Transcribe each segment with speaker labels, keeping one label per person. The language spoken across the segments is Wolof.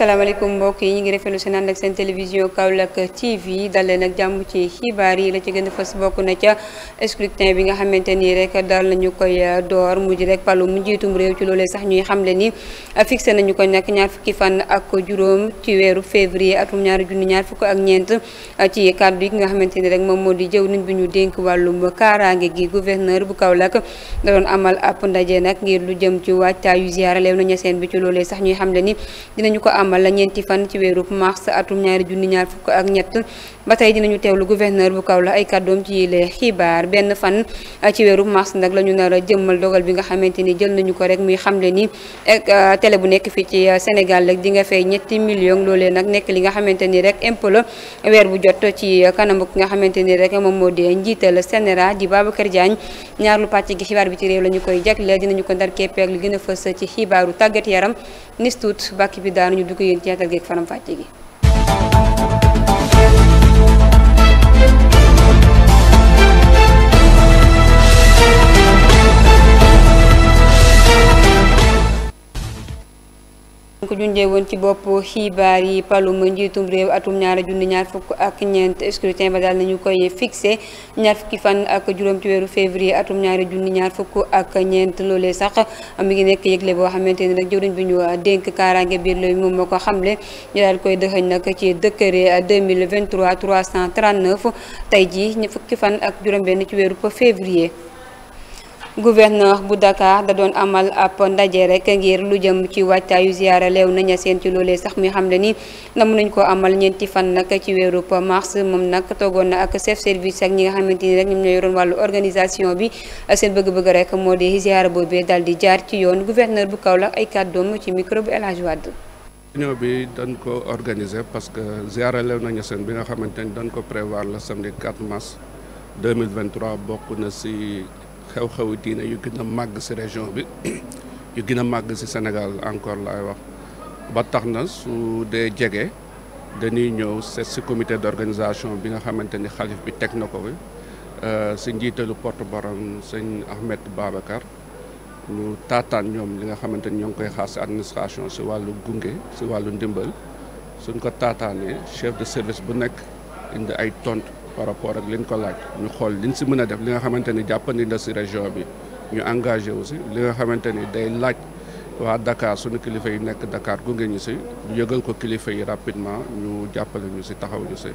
Speaker 1: Assalamualaikum mbokk yi ñu ngi rafetlu seen ànd ak seen télévision Kaolack TV daleen ak jàmm ci xibaar yi la ci gën a fës na ca scrutin bi nga xamante rek daal nañu koy door mujj rek palu mu njiitum réew ci loolee sax ñuy xamle ni fixé nañu ko nag ñaar fukki fan ak juróom ci weeru février atum ñaari junni ñaar fukk ak ñeent ci kàddu yi nga xamante rek moom moo jëw nañ bi ñu dénk wàllum gi gouverneur bu Kaolack da doon amal ab ndaje nag ngir lu jëm ci wàccaayu ziara leew na ñaseen bi ci loolee sax ñuy xamle ni dinañu ko am amal la ñeenti fan ci weeru mars atum ñaari junni ñaar fukk ak ñett ba tey dinañu teewlu gouverneur bu Kaolack ay kàddoom ci yile xibaar benn fan ci weeru mars nag la ñu nar a jëmmal dogal bi nga xamante ni jël nañu ko rek muy xamle ni ah, télé bu nekk fii ci ah, Sénégal rek di nga fay ñetti million loolee nak nekk li nga xamante rek impôt la weer bu jot ci ah, kanamu ki nga xamante rek moom moo di njiital Sénéra di Babacar Diagne ñaar lu pàcc gi xibaar bi ci réew la ñu koy jagleel dinañu ko ndar keppeeg li gën a ci xibaaru tàggat yaram nis tuut bi daanu ñu dugg yéen ci yàggal gi ak faram fàcce gi junjee woon ci bopp xibaar yi palum njiitum réew atum ñaari junni ñaar fukk ak ñeent scrutin ba daal ñu koy fixé ñaar fukki fan ak juróom ci weeru février atum ñaari junni ñaar fukk ak ñeent loolee sax mi ngi nekk yëgle boo xamante ni nag jëwriñ bi ñu dénk kaaraange biir lay moom ma ko xamle ñu daal koy dëxëñ nag ci mille décret 2023 339 tey ji ñu fukki fan ak juróom benn ci weeru février gouverneur bu Dakar da doon amal ab ndaje rek ngir lu jëm ci wàccaayu ziyaara Léona Niassène ci loolee sax mi xam le namu nañ ko amal ñeenti fan nag ci weeru mars moom nag toogoon na ak chef service ak ñi nga xamante ni rek ñoom ñoo yoroon wàllu organisation bi seen bëgg-bëgg rek di ziyaara boobee di jaar ci yoon gouverneur bu ay ci micro bu réunion
Speaker 2: bi dañ ko organiser parce que ziyaara Léona Niassène bi nga dañ ko prévoir le samedi 4 mars 2023 bokk na si xew-xewu diine yu gën a màgg si région bi yu gën a màgg si Sénégal encore laay wax ba tax na su dee jege dañuy ñëw seet si comité d'organisation bi nga xamante ni xalif bi teg na ko bi si euh, njiitalu porte-parole sëñ Ahmed Babacar ñu taataan ñoom li nga xamante ni ñoo ngi koy xaar si administration si wàllu gunge si wàllu ndimbal suñ ko taataanee chef de service bu nekk indi ay tontu. par rapport ak liñ ko laaj ñu xool liñ si mën a def li nga xamante ni jàppandi na si région bi ñu engagé aussi li nga xamante ni day laaj waa dakaar suñu kilifa yi nekk dakaar gu gunge ñu si ñu yëgal ko kilifa yi rapidement ñu jàppale ñu si taxaw ñu si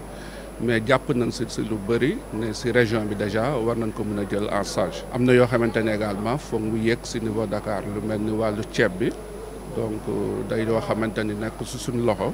Speaker 2: mais jàpp nañ si si lu bëri ne si région bi déjà war nañ ko mën a jël en charge am na yoo xamante ne également foog mu yéeg si niveau dakaar lu mel ni wàllu ceeb bi donc euh, day yoo xamante ni nekk si suñu loxo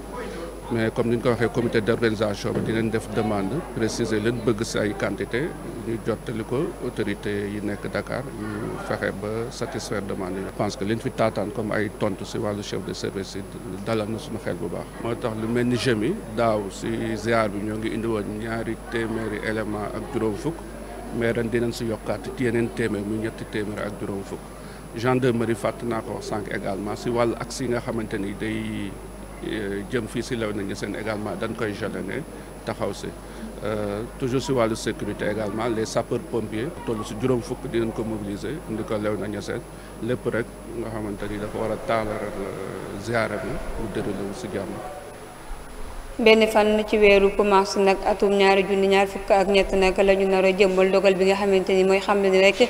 Speaker 2: mais comme ni ñu ko waxee comité d'organisation bi dinañ def demande préciser leen bëgg si ay quantité ñu jottali ko autorité yi nekk Dakar ñu fexe ba satisfaire demande yi. je que leen fi taataan comme ay tontu si wàllu chef de service si dalal na suñu xel bu baax. moo tax lu mel ni jëmi daaw si ziar bi ñoo ngi indi ñaari téeméeri élément ak juróom fukk mais ren dinañ si yokkaat yeneen téeméer muy ñetti téeméer ak juróom fukk gendarmerie fàtt naa ko sànq également si wàllu axe yi nga xamante ni day. jëm fii si na Léona seen également dañ koy jalonné taxaw si toujours si wàllu sécurité également les sapeurs pompiers toll si juróom fukk dinañ ko mobiliser indi ko na Léona seen lépp rek nga xamante ni dafa war a taalal ziara bi mu déroulé wu si jàmm.
Speaker 1: benn fan ci weeru commence nag atum ñaari junni ñaar fukk ak ñett nag la ñu nar a jëmmal dogal bi nga xamante ni mooy xam ne ni rek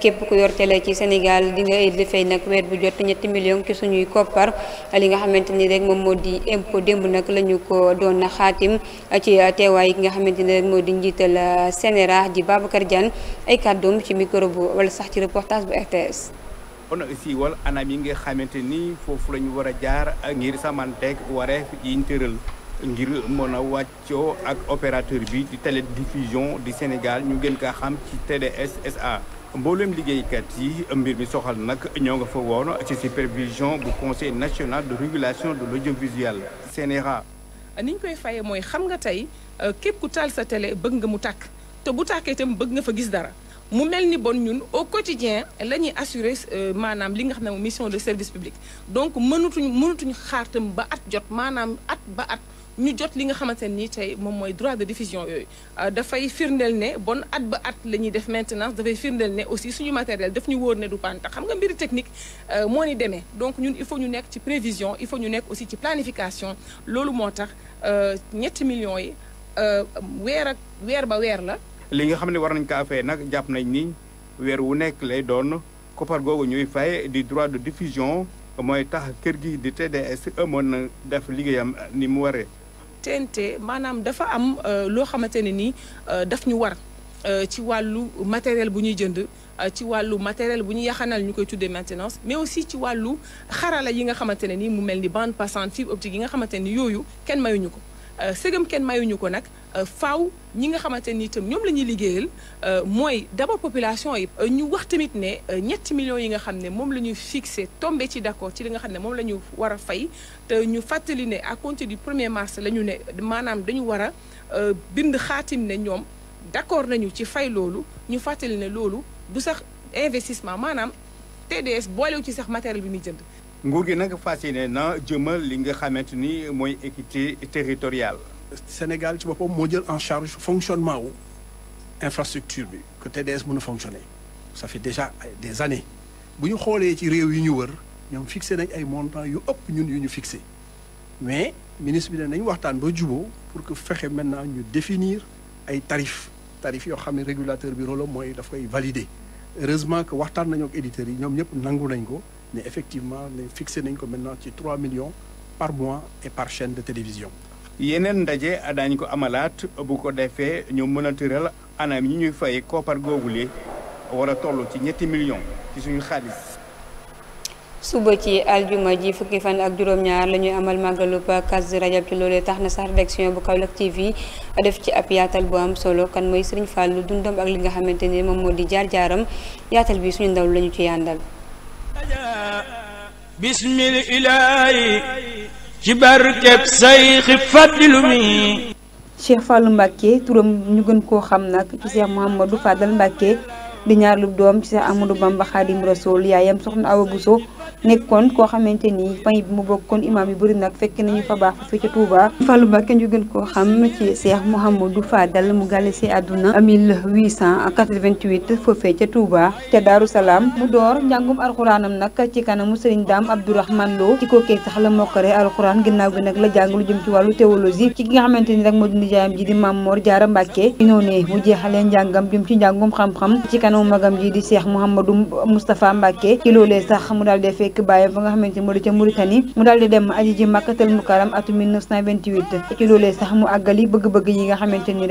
Speaker 1: képp ku yor télé ci Sénégal di nga di fay nag weer bu jot ñetti million ci suñuy koppar li nga xamante rek moom moo di impôt démb nag ko doon xaatim ci teewaay nga xamante rek moo di Sénéra di Babacar Diagne ay kàddoom ci micro bu wala sax ci reportage bu RTS.
Speaker 3: kon aussi wala anam yi nga xamante ni foofu la jaar ngir ngir mën a wàccoo ak opérateur bi di télédiffusion du Sénégal ñu gën kaa xam ci TDS SA mboolem liggéeykat yi mbir mi soxal nag ñoo nga fa woon ci supervision bu conseil national de régulation de l'audiovisuel CNRA
Speaker 4: ni ñu koy fayee mooy xam nga tey euh, képp ku taal sa télé bëgg nga mu tàkk te bu tàkkee itam bëgg nga fa gis dara mu mel ni bon ñun au quotidien la ñuy assurer euh, maanaam li nga xam ne mission de service public donc mënutuñ mënutuñ xaar tam ba at jot maanaam at ba at ñu jot li nga xamanteni tay mom moy droit de diffusion yoy euh, da fay firndeel ne bonne at ba at lañuy def maintenance da fay firndeel ne aussi suñu matériel daf ñu wóor ne du pantax xam nga mbiri technique euh, mo ni démé donc ñun il faut ñu nekk ci prévision il faut ñu nekk aussi ci planification lolu motax euh ñetti millions yi euh weer ak weer ba weer la.
Speaker 3: li nga xamni war nañ ka fay nak japp nañ ni weer wu nekk lay doon koppar gogo ñuy fay di droit de diffusion. moy tax kër gi di TDS mën na def liggéeyam ni mu waree
Speaker 4: TNT maanaam dafa am euh, loo xamante ne nii euh, daf ñu war euh, ci wàllu matériel bu ñuy jënd ci wàllu matériel bu ñu yaxanal ñu koy tuddee maintenance mais aussi ci wàllu xarala yi nga xamante ne nii mu mel ni bande passante fibre optique yi nga xamante ni yooyu kenn mayuñu ko Euh, sëgëm kenn mayuñu ko nag euh, faaw ñi nga xamante ni itam ñoom la ñuy liggéeyal euh, mooy d'abord population yi. ñu wax tamit ne ñetti millions yi nga xam ne moom la ñu fixé tombé ci d'accord ci li nga xam ne moom la ñu war a fay te ñu fàttali ne à compter du premier mars la ñu ne maanaam dañu war a bind xaatim ne ñoom d'accord nañu ci fay loolu ñu fàttali ne loolu du sax investissement maanaam TDS boolewu ci sax matériel bi muy jënd.
Speaker 3: nguur gi nag fas yéene na jëmal li nga xamante ni mooy équité territoriale. Sénégal ci boppam moo jël en charge fonctionnement wu infrastructure bi que TDS mën a fonctionner ça fait déjà des années bu ñu xoolee ci réew yi ñu wër ñoom fixé nañ ay montant yu ëpp ñun yu ñu fixé mais ministre bi ne nañu waxtaan ba juboo pour que fexe maintenant ñu définir ay tarifs tarifs yoo xam ne régulateur bi rôle mooy daf koy valider heureusement que waxtaan nañu ak éditeurs yi ñoom ñëpp nangu nañ ko mais effectivement ne fixé nañ maintenant ci 3 millions par mois et par chaîne de télévision. yeneen ndaje daañu ko amalaat bu ko defee ñu mën a tëral anam yi ñuy fay koppar googu li war a toll ci ñetti millions ci suñu xaalis.
Speaker 1: suba ci aljuma ji fukki fan ak juróom-ñaar la ñuy amal màggalu Kazu Rajab ci loolee tax na sax rédaction bu Kaolack TV def ci ab yaatal bu am solo kan mooy Serigne Fallou dundam ak li nga xamante ni moom moo di jaar jaaram yaatal bi suñu ndaw la ñu ci yàndal.
Speaker 5: bismil ilaahi ci barkeb sayxi fàddilu mi
Speaker 1: Cheikh Fallou Mbacké turam ñu gën koo xam nag ci Cheikh Mouhamadou Fadal Mbacké di ñaar lu doom ci Cheikh Amadou Bamba Khadim Rasoul yaayam soxna Awa Bousso nekkon ko xamante ni fay bi mu bokkoon imam yu bëri nag fekk nañu fa baax fii ca Touba Fallou Mbacké ñu gën koo xam ci Cheikh Mouhamadou Fadal mu gàlle si àdduna 1888 foofee ca Touba ca Daaru Salaam mu door njàngum alxuraanam nag ci kanamu Serigne Dame Abdourahmane Lo ci kookee sax la mokkare alxuraan ginnaaw gi nag la jàng jëm ci wàllu théologie ci ki nga xamante ni rek moo di nijaayam ji di Mame Mor Diarra Mbacké ñu ñëw mu jeexalee njàngam jëm ci xam-xam ci kanamu magam ji di Cheikh Mouhamadou Moustapha Mbacké ci loolee sax mu def fekk bàyyi fa nga xamante moo mu daal di dem aji ji màkkatal mu àggali bëgg-bëgg yi nga xamante ni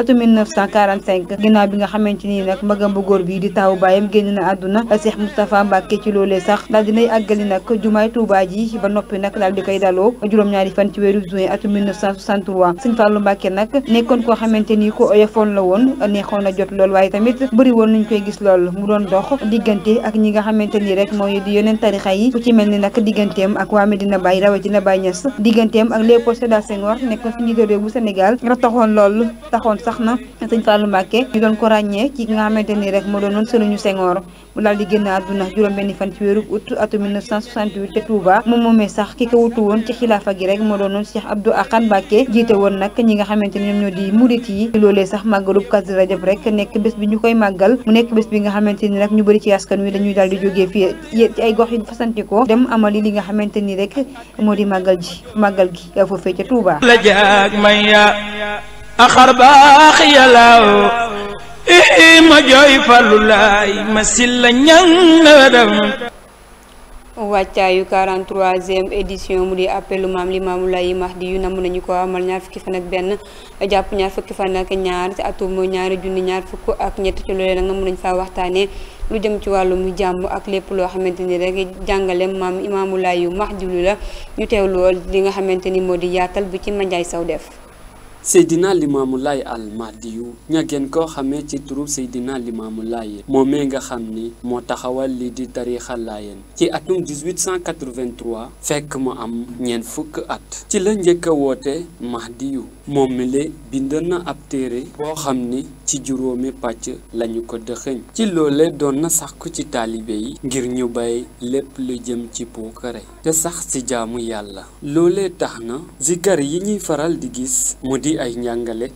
Speaker 1: atum 1945 ginnaaw bi nga xamante ni nag magam nekkoon koo xamante ni ko oyofoon la woon neexoon a jot lool waaye tamit bëri woon nuñ koy gis lool mu doon dox diggante ak ñi nga xamante nii rek mooy di yeneen tarixa yi ku ci mel ni nag digganteem ak waa Medina Baye rawatina bay Niass digganteem ak Léopold Sédar Senghor nekkoon ci njiitu réew bu Sénégal nga taxoon loolu taxoon sax na sëñ Fallou Mbacké ñu doon ko ràññee ci nga xamante ni rek moo doon noon sëriñu mu daal di génn àdduna juróom-benni fan ci weeru août atum 1968 te Touba moom moomee sax ki ko wutu woon ci xilaafa gi rek moo doonoon Cheikh Abdou di murit yi loolee sax màggalub Kazu Rajab rek nekk wi dañuy daal jógee fii ay gox yu fasantikoo dem amali li nga xamante ni rek moo di màggal ji màggal gi foofee ca Touba la jaag
Speaker 4: may ya
Speaker 1: axar baax
Speaker 4: yàllaaw
Speaker 5: Eh, eh, ma jooy Fallou ma silla ñang la dem
Speaker 1: wàccaayu 43e édition mu di appelu maam li yi max di yu namu nañu ko amal ñaar fukki fan benn jàpp ñaar fukki fan ak ñaar ci atum ñaari junni ñaar fukk ak ñett ci loolee nag namm nañu faa waxtaanee lu jëm ci wàllum jàmm ak lépp loo xamante ni rek jàngale maam yu Laay Mahdi lu la ñu teewlu li nga xamante ni moo di yaatal bu ci Mandiaye Sow def
Speaker 5: Seydina Limaamu Laay almahdiyu ña ngeen koo xamee ci turu Seydina Limaamu Laay moomee nga xam ni moo taxawal lii di tariixa laayeen ci atum 1883 fekk mu am ñeent fukk at ci la njëkk woote woote mahdiyu moom mile le bind na ab téere boo xam ni ci juróomi pàcc lañu ko dëxëñ ci loole doon na sàkku ci taalibe yi ngir ñu bay lépp lu jëm ci puukare te sax ci jaamu yàlla loole tax na zikar yi ñuy faral di gis mu di ci ay njàngale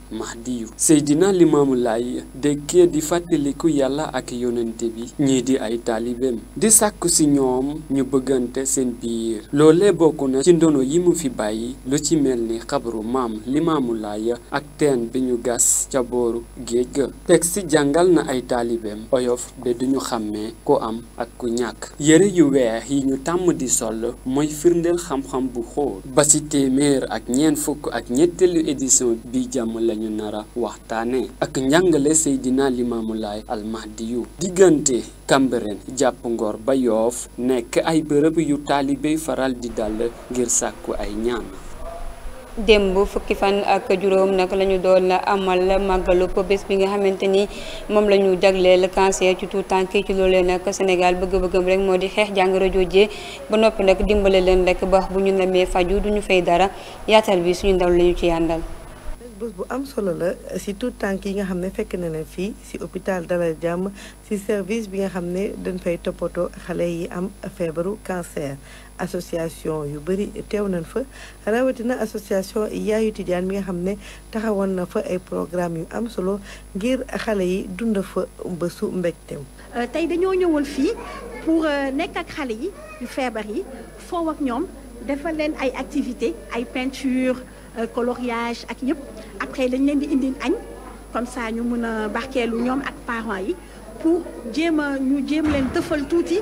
Speaker 5: di yu Seydina Limaamu Laay dëkkee di fàttaliku yàlla ak yonente bi ñii di ay taalibeem di sàkku ci ñoom ñu bëggante seen biir loole bokk na ci ndono yi mu fi bàyyi lu ci mel ni xabru maam Limaamu lay ak teen bi ñu gas ca booru géej ga teg ci jàngal na ay taalibeem oyof ba duñu xàmmee ku am ak ku ñàkk yére yu weex yi ñu tàmm di sol mooy firndeel xam-xam bu xóot ba ci téeméer ak ñeent fukk ak ñetteelu édition émission bi jàmm lañu nara waxtaane ak nyanggale Seydina Limaamu Laay almahdiyu diggante Cambérène jàpp Ngor ba Yoof nekk ay bërëb yu taalibe faral di dal ngir sàkku ay ñaan
Speaker 1: démb fukki fan ak juróom nag la ñu doon amal màggalub bés bi nga xamante ni moom la ñu jagleel cancer ci tout tànk ci loolee nag Sénégal bëgg-bëggam rek moo di xeex jàngoro joojee ba noppi rek bu ñu faju fay dara yaatal bi suñu ndaw ci
Speaker 6: bés bu am solo la si tout temps nga fekk na hôpital si service bi nga fait dañ fay topoto xalé yi am cancer association yu nañ fa association Tidiane nga na fa ay programme yu am solo ngir xalé yi dund fa euh,
Speaker 7: pour euh, nek ak xalé yi yu yi defal ay activité ay peinture Euh, coloriage ak yëpp après dañ leen di indi añ comme ça ñu mën a barkeelu ñoom ak parent yi pour jéem a ñu jéem leen tëfal tuuti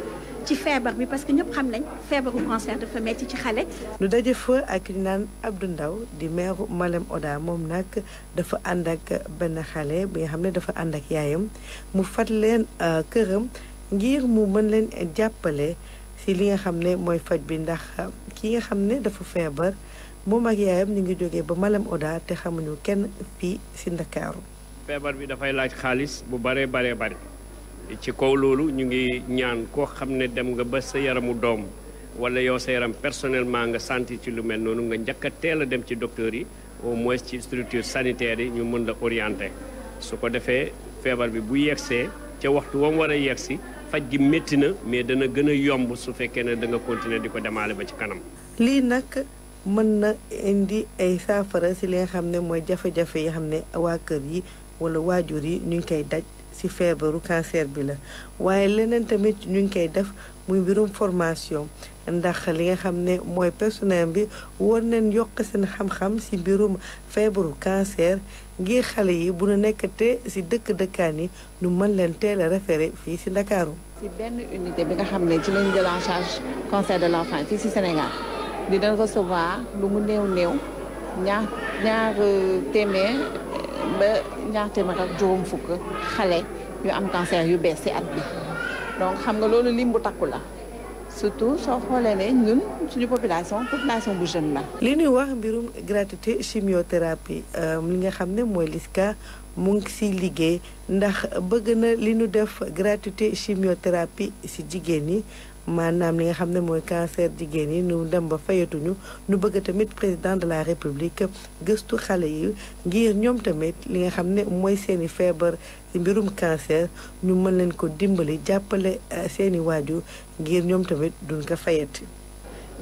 Speaker 7: ci feebar bi parce que ñëpp xam nañ feebaru cancer dafa metti ci xale.
Speaker 6: lu daje fa ak ñu naan Abdou Ndaw di meeru Malem Oda moom nag dafa ànd ak benn xale bi nga xam ne dafa ànd ak yaayam mu fat leen euh, këram ngir mu mën leen jàppale si li nga xam ne mooy faj bi ndax ki nga xam ne dafa feebar. moom ak yaayam ñu ngi jógee ba Malem Oda te xamuñu kenn fii si Ndakaaru
Speaker 5: feebar bi dafay laaj xaalis bu baree baree bari ci kaw loolu ñu ngi ñaan koo xam ne dem nga ba sa yaramu doom wala yow sa yaram personnellement nga santi ci lu mel noonu nga njëkk a teel a dem ci docteur yi au moins ci structure sanitaire yi ñu mën la orienté su ko defee feebar bi bu yegsee ca waxtu wam war a yegsi faj gi métti na mais dana gën a yomb su fekkee ne da nga continuer di ko demaale ba ci kanam
Speaker 6: mën na indi ay saafara si li nga xam ne mooy jafe-jafe yi xam ne waa kër yi wala waajur yi ñu ngi koy daj si feebaru cancer bi la waaye leneen tamit ñu ngi koy def muy mbirum formation ndax li nga xam ne mooy personnel bi war nañ yokk seen xam-xam si mbirum feebaru cancer ngir xale yi bu nu nekkatee si dëkk dëkkaan yi ñu mën leen teel a référé fii si Ndakaaru. si benn unité bi nga xam
Speaker 4: ne ci lañ jël charge cancer de l'enfant fii si Sénégal. dina recevoir lu mu néew néew ñaar ñaar euh, téeméer ba ñaar téeméer ak juróom fukk xale yu am cancer yu bees ci at bi donc xam nga loolu lim bu takku la surtout soo xoolee ne ñun suñu population population bu jeune la. li ñuy
Speaker 6: wax mbirum gratuité chimiothérapie euh, li nga xam ne mooy Lisca mu ngi siy liggéey ndax bëgg na li ñu def gratuité chimiothérapie si jigéen ñi. maanaam li nga xam ne mooy cancer jigéen yi ñu dem ba fayatuñu ñu bëgg tamit président de la république gëstu xale yi ngir ñoom tamit li nga xam ne mooy seeni feebar ci mbirum cancer ñu mën leen ko dimbali jàppale euh, seeni waajur ngir ñoom tamit du ko fayati.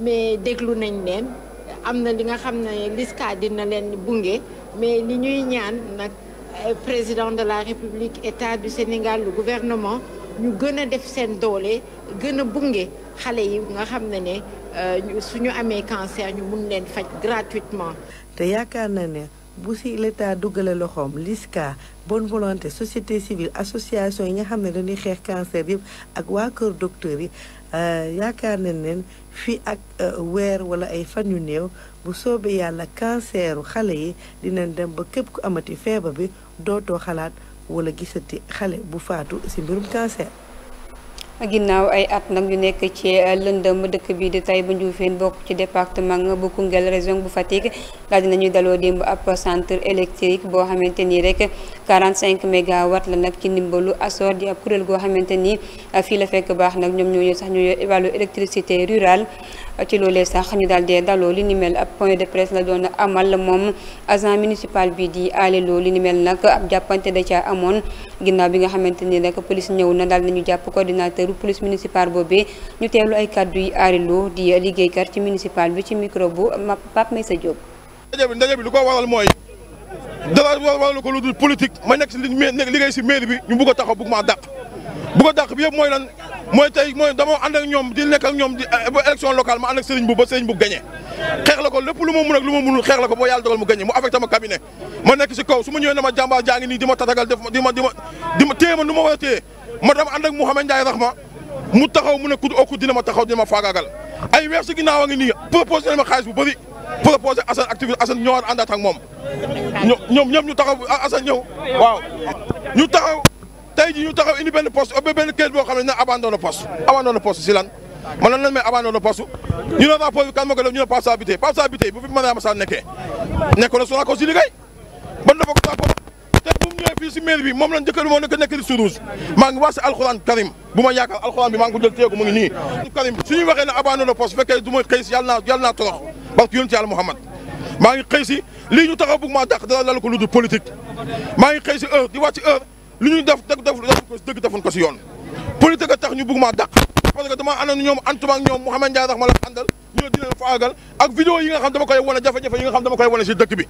Speaker 7: mais déglu nañ leen am na li nga xam ne LISCA dina leen bunge mais li ñuy ñaan nag euh, président de la république état du Sénégal le gouvernement. ñu gën a def seen doole gën a bunge xale yi nga xam ne ne suñu euh, amee cancer ñu mun leen faj
Speaker 6: gratuitement. te yaakaar na ne bu si leta duggale loxoom LISCA bon volonté société civile association yi nga xam ne dañuy xeex cancer yëpp ak waa kër docteur yi euh, yaakaar nañ leen fii ak euh, weer wala ay fan yu néew bu soobee yàlla canceru xale yi dinañ dem ba képp ku amati feebar bi dootoo xalaat. wala gisati xale bu faatu ci mbirum cancer.
Speaker 1: ginnaaw ay at nag ñu nekk ci euh, lëndëm dëkk bii di Taïba Ndioufène bokk ci département bu Koungheul région bu Fatick daal ñuy daloo démb ab centre électrique boo xamante nii rek 45 mégawatt la nag ci ndimbalu ASOR di ab kuréel goo xamante ni ah, fii la fekk baax nag ñoom ñooñu sax ñooy wàllu électricité rurale ci loolee sax ñu daal di daloo li ni mel ab point de presse la doon amal moom agent municipal bi di aleloo li ni mel nag ab jàppante da caa amoon ginnaaw bi nga xamante ni nag police ñëw na daal nañu jàpp coordinateur police municipal boobee ñu teewlu ay kàddu yi aleloo di liggéeykat ci municipal bi ci micro bu Pape Meyssa
Speaker 8: Diop. ndaje bi ndaje dara waralu ko lu dul politique ma nekk si li liggéey si mairie bi ñu bugg taxaw bugg maa dàq bugg a bi yëpp mooy lan mooy tey mooy dama ànd ñoom di nekk ak ñoom di eh, ba élection locale ma ànd ak Serigne ba Serigne bu gagné xeex la ko lépp lu ma mun ak lu ma munul xeex la ko boo yàlla dogal mu gagné mu affecté ma cabinet ma nekk si kaw su ma ñëwee na ma jàmbaar jaa ngi nii di ma tatagal di ma di ma nu ma war a ma dama ànd ak Mouhamed Ndiaye Rahma mu taxaw mu ne kudd dina ma taxaw dina ma ay weer si ginnaaw a ngi nii proposé ma xaalis bu bëri proposé Assane activité Assane ñëwaat àndaat ak moom ñoom ñoom ñu taxaw ah, Assane ñëw waaw ñu taxaw tey ji ñu taxaw indi benn poste ba benn kayit boo xam ne na abandonné poste abandonné poste si lan man lan lañ may abandonné poste ñu ne rapport bi kan moo ko def ñu ne Pape Sabité Pape Sabité bu fi mën a am saa na Sonacos si liggéey ban dafa ko rapport mu ñëwee fii si maire bi moom lañ jëkkër moo nekk nekk di suruus maa ngi wax si alxuraan karim bu ma yaakaar alxuraan bi maa ngi ko jël téyeeku mu ngi nii karim suñuy waxee ne abandonné poste fekkee du ma xëy si yàlla naa torox parce que yónni Muhammad maa ngi xëy si lii ñu taxaw maa dàq dara lal ko lu dul maa ngi xëy si di wàcc heure li ñuy def def def ko dëgg defoon a tax ñu bëgg maa dàq parce que dama àndoon ñoom antuma ak ñoom Mouhamed Ndiaye ñu dina faagal ak vidéo yi nga xam dama koy wane jafe-jafe yi nga xam dama koy wane si dëkk bi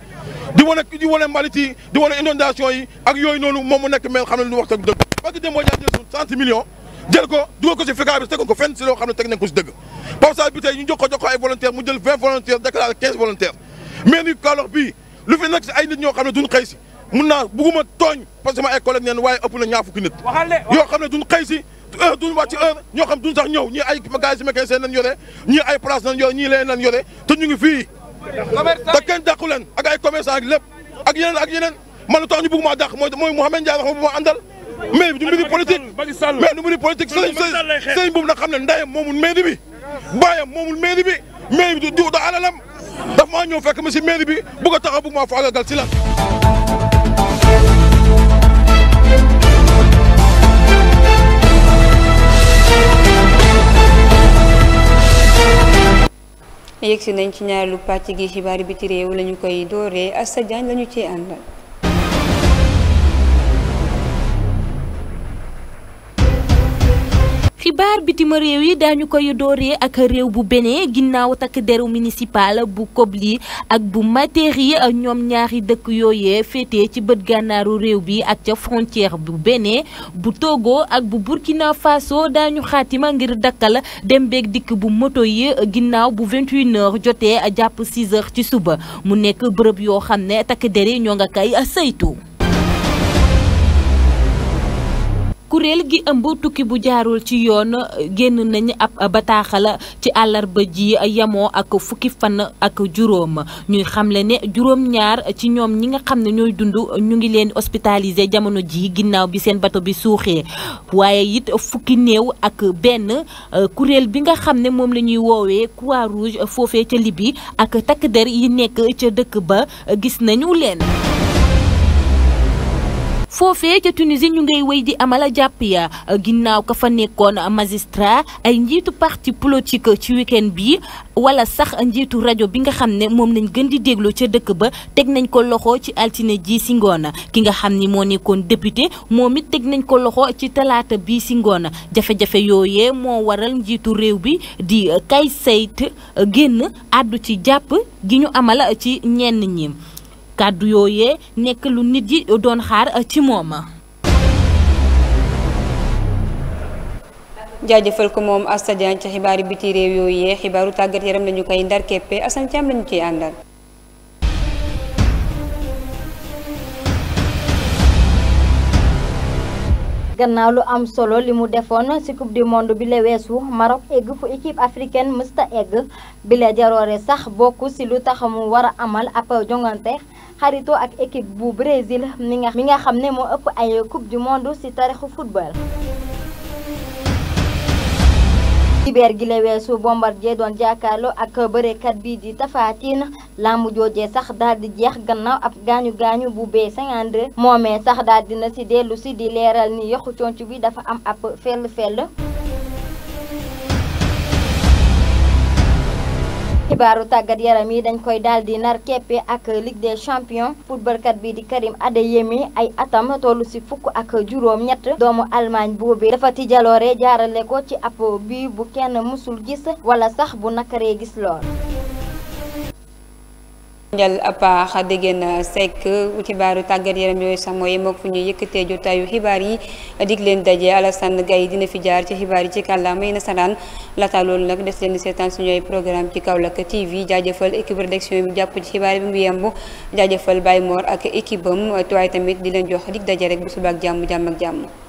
Speaker 8: di woné di woné mbalit di woné inondation yi ak yoy nonu momu mu nekk mais xam ne lu wax tak dëgg parce que dem boo ñaa jël suñ millions jël ko dugal ko ci fikaa bi tegoon ko fenn ci lo xam ne teg nañ ko si dëgg Pawsal bi tey ñu jox ko jox ko ay volontaire mu jël 20 volontaire déclaré 15 volontaire mais ni Kaolack bii lu fi nekk si ay nit ñoo xam ne duñ xëy si mun naa bugguma parce que sama ay collègue neen waaye ëpp na ñaar fukki nit yo xam ne duñ xëy heure duñu wàcc heure ñoo xam duñu sax ñëw ñii ay gaz mécanicien lañ yore ñii ay place lañ yore ñii leen lañ yore te ñu ngi fii te kenn dàqu leen ak ay commerçant ak lépp ak yeneen ak yeneen man lu tax ñu bëgg maa dàq mooy mooy Mouhamed Ndiaye wax ma bu ma àndal mais du mbiri politique mais du mbiri politique sëñ sëñ boobu nag xam ne ndayam moomul mairie bi baayam moomul mairie bi mairie bi du da alalam daf maa ñëw fekk ma si mairie bi bëgg a taxaw bëgg maa faagagal si lan
Speaker 1: yegg si nañ ci ñaarlu pàcc gi xibaar bi ci réew la ñu koy dooree Assa Diagne la ñu cee àndal.
Speaker 7: xibaar bitim réew yi daañu koy dooree ak réew bu Bénin ginnaaw takk deru municipal bu Kobli ak bu Matéri ñoom ñaari dëkk yooyee féete ci bët gànnaaru réew bi ak ca frontière bu Bénin bu Togo ak bu Burkina Faso daañu xaatima ngir dakkal dem beeg dikk bu moto yi ginnaaw bu vingt h jotee jàpp 6 ci suba mu nekk bërëb yoo xam ne takk der yi ñoo nga kay saytu. kuréel gi ëmb tukki bu jaarul ci yoon génn nañ ab bataaxal ci àllarba ji yemoo ak fukki fan ak juróom ñuy xamle ne juróom-ñaar ci ñoom ñi nga xam ne ñooy dund ñu ngi leen hospitalisé jamono ji ginnaaw bi seen bato bi suuxee waaye it fukki néew ak benn kuréel bi nga xam ne moom la ñuy woowee Croix-Rouge foofee ca libi ak takk der yi nekk ca dëkk ba gis nañu leen. foofee ca Tunisie ñu ngay wéy di amal a jàpp ya ginnaaw ko fa nekkoon magistrat ay njiitu parti politique ci week-end bi wala sax njiitu rajo bi nga xam ne moom lañ gën di déglu ca dëkk ba teg nañ ko loxo ci altine ji si ngoon ki nga xam ni moo nekkoon député moom it teg nañ ko loxo ci talaata bi si ngoon jafe-jafe yooyee moo waral njiitu réew bi di kay sayt génn àddu ci jàpp gi ñu amal ci ñenn ñi kàddu yooyee nekk lu nit yi doon xaar uh, ci moom.
Speaker 1: jaajëfal ko moom Asta Diagne ci xibaaru biti réew yooyee xibaaru tàggat yaram lañu koy ndar keppe Assane Thiam lañu ciy àndal.
Speaker 9: gannaaw lu am solo li mu defoon ci coupe du monde bi la weesu Maroc egg fu équipe africaine mësta egg bi la jaroore sax bokk ci lu tax mu war a amal ab jongante xarito ak équipe bu Brésil mi nga mi nga xam ne moo ëpp ay coupe du monde ci tarixu football. dibeer gi la weesu jee doon jàkkaarloo ak bërekat bii di Tapha Tine làmb joojee sax dal di jeex gannaaw ab gaañu gaañu bu bee 52 moomee sax daal dina si dellu si di leeral ni yoxu conc bi dafa am ab fell fell xibaaru tàggat yaram yi dañ koy daal di nar keppe ak Ligue des champions footballkat bi di Karim Adeyemi ay atam tollu ci fukk ak juróom-ñett doomu Allemagne boobee dafa ti jaloore jaarale ko ci apo bi bu kenn mësul gis wala sax bu nakaree gis lool.
Speaker 1: njal apaax déggéen sekk xibaaru tàggat yaram yooyu sax mooy mook fu ñu yëkkatee jotaayu xibaar yi dig leen daje Alassane Gaye dina fi jaar ci xibaar yi ci kàllaamay nasaraan laata loolu nag des leen seetaan suñuy programme ci Kaolack TV jaajëfal équipe rédaction bi jàpp ci xibaar bi mu yemb jaajëfal Baye Mor ak équipe am waaye tamit di leen jox dig daje rek bu subaak jàmm jàmm ak jàmm